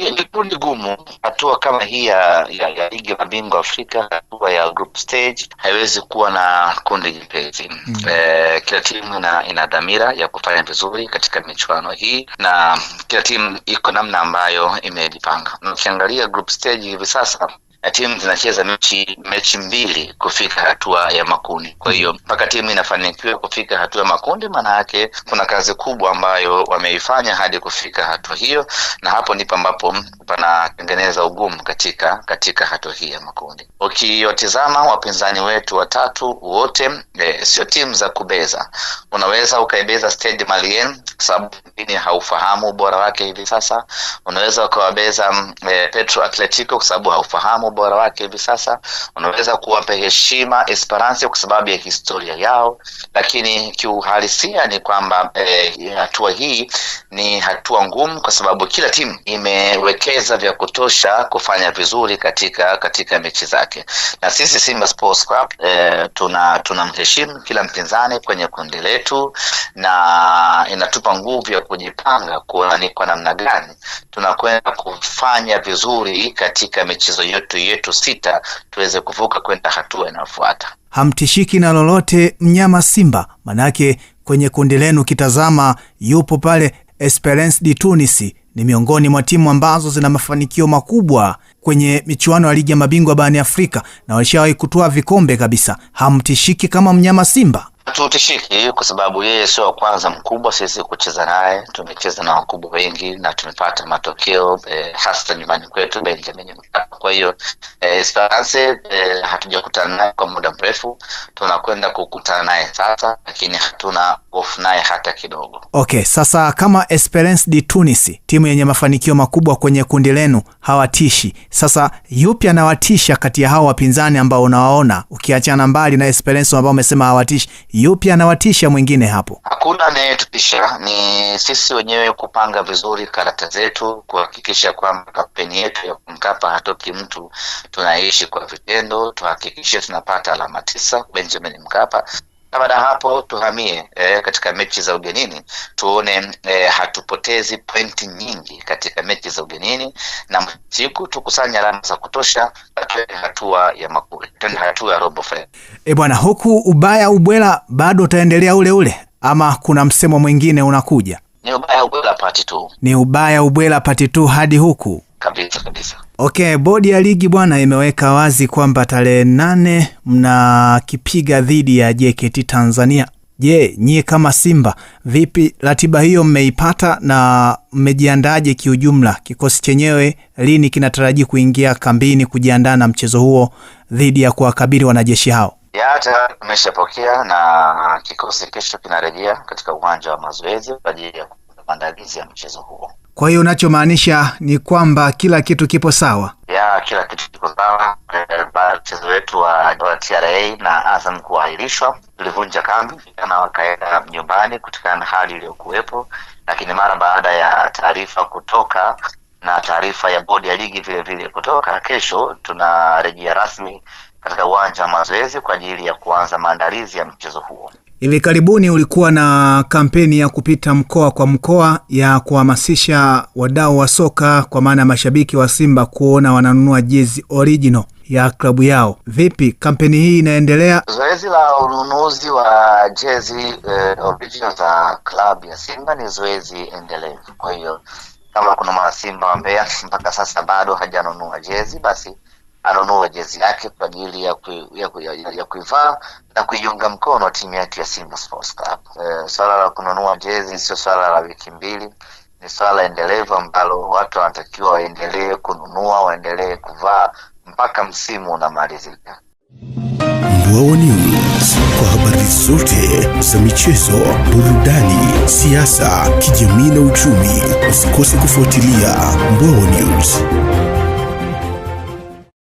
ilikuwa ni gumu. Hatua kama hii ya, ya, ya ligi ya mabingwa Afrika, hatua ya group stage haiwezi kuwa na kundi jepesi mm. Eh, kila timu ina, ina dhamira ya kufanya vizuri katika michuano hii na kila timu iko namna ambayo imejipanga, na ukiangalia group stage hivi sasa na timu zinacheza mechi mechi mbili kufika hatua ya makundi. Kwa hiyo mm-hmm. mpaka timu inafanikiwa kufika hatua ya makundi, maana yake kuna kazi kubwa ambayo wameifanya hadi kufika hatua hiyo, na hapo ndipo ambapo panatengeneza ugumu katika katika hatua hii ya makundi. Ukiwatizama wapinzani wetu watatu wote e, sio timu za kubeza. Unaweza ukaibeza Stade Malien sababu pengine haufahamu ubora wake hivi sasa. Unaweza ukawabeza e, Petro Atletico kwa sababu haufahamu ubora wake hivi sasa, unaweza kuwapa heshima Esperance kwa sababu ya historia yao, lakini kiuhalisia ni kwamba eh, hatua hii ni hatua ngumu, kwa sababu kila timu imewekeza vya kutosha kufanya vizuri katika katika mechi zake, na sisi Simba Sports Club eh, tuna tunamheshimu kila mpinzani kwenye kundi letu na inatupa nguvu ya kujipanga kuona ni kwa namna gani tunakwenda kufanya vizuri katika michezo yetu yetu sita tuweze kuvuka kwenda hatua inayofuata. Hamtishiki na lolote mnyama Simba, manake kwenye kundi lenu kitazama, yupo pale Esperance de Tunis ni miongoni mwa timu ambazo zina mafanikio makubwa kwenye michuano ya ligi ya mabingwa barani Afrika na walishawahi kutoa vikombe kabisa. Hamtishiki kama mnyama Simba? Tutishiki kwa sababu yeye sio wa kwanza mkubwa sisi kucheza naye. Tumecheza na wakubwa wengi na tumepata matokeo eh, hasa nyumbani kwetu Benjamin Mkapa. Kwa hiyo eh, Esperance eh, hatujakutana naye kwa muda mrefu, tunakwenda kukutana naye sasa, lakini hatuna off naye hata kidogo. Okay, sasa kama Esperance de Tunis, timu yenye mafanikio makubwa kwenye kundi lenu, hawatishi. Sasa yupi anawatisha kati ya hao wapinzani ambao unawaona, ukiachana mbali na Esperance ambao umesema hawatishi, yupi anawatisha mwingine hapo? Hakuna anayetutisha, ni sisi wenyewe kupanga vizuri karata zetu, kuhakikisha kwamba kampeni yetu ya kumkapa hatoki mtu, tunaishi kwa vitendo, tuhakikishe tunapata alama tisa Benjamin Mkapa na baada ya hapo tuhamie eh, katika mechi za ugenini tuone eh, hatupotezi pointi nyingi katika mechi za ugenini na siku tukusanye alama za kutosha tuende hatua ya makundi tuende hatua ya robo e bwana huku ubaya ubwela bado utaendelea ule ule ama kuna msemo mwingine unakuja ni ubaya ubwela pati tu ni ubaya ubwela pati tu hadi huku kabisa Okay, bodi ya ligi bwana imeweka wazi kwamba tarehe nane mnakipiga dhidi ya JKT Tanzania. Je, nyie kama Simba vipi ratiba hiyo mmeipata na mmejiandaje kiujumla? Kikosi chenyewe lini kinataraji kuingia kambini kujiandaa na mchezo huo dhidi ya kuwakabili wanajeshi hao? Tayari tumeshapokea na kikosi kesho kinarejea katika uwanja wa mazoezi kwa ajili ya maandalizi ya mchezo huo. Kwa hiyo unachomaanisha ni kwamba kila kitu kipo sawa? Ya, kila kitu kipo sawa. Eh, mchezo wetu wa, wa TRA na Azam kuahirishwa, tulivunja kambi na wakaenda nyumbani kutokana na hali iliyokuwepo, lakini mara baada ya taarifa kutoka na taarifa ya bodi ya ligi vile vile kutoka, kesho tunarejea rasmi katika uwanja wa mazoezi kwa ajili ya kuanza maandalizi ya mchezo huo. Hivi karibuni ulikuwa na kampeni ya kupita mkoa kwa mkoa ya kuhamasisha wadau wa soka kwa maana ya mashabiki wa Simba kuona wananunua jezi original ya klabu yao. Vipi kampeni hii inaendelea? Zoezi la ununuzi wa jezi eh, original za klabu ya Simba ni zoezi endelevu. Kwa hiyo kama kuna mwanasimba wa Mbeya mpaka sasa bado hajanunua jezi, basi anunue jezi yake kwa ajili ya, ya, kui, ya, ya kuivaa na kuiunga mkono timu yake ya Simba Sports Club. E, swala la kununua jezi sio swala la wiki mbili, ni swala endelevu ambalo watu wanatakiwa waendelee kununua, waendelee kuvaa mpaka msimu unamalizika. Mbwawa News kwa habari zote za michezo, burudani, siasa, kijamii na uchumi, usikose kufuatilia Mbwawa News.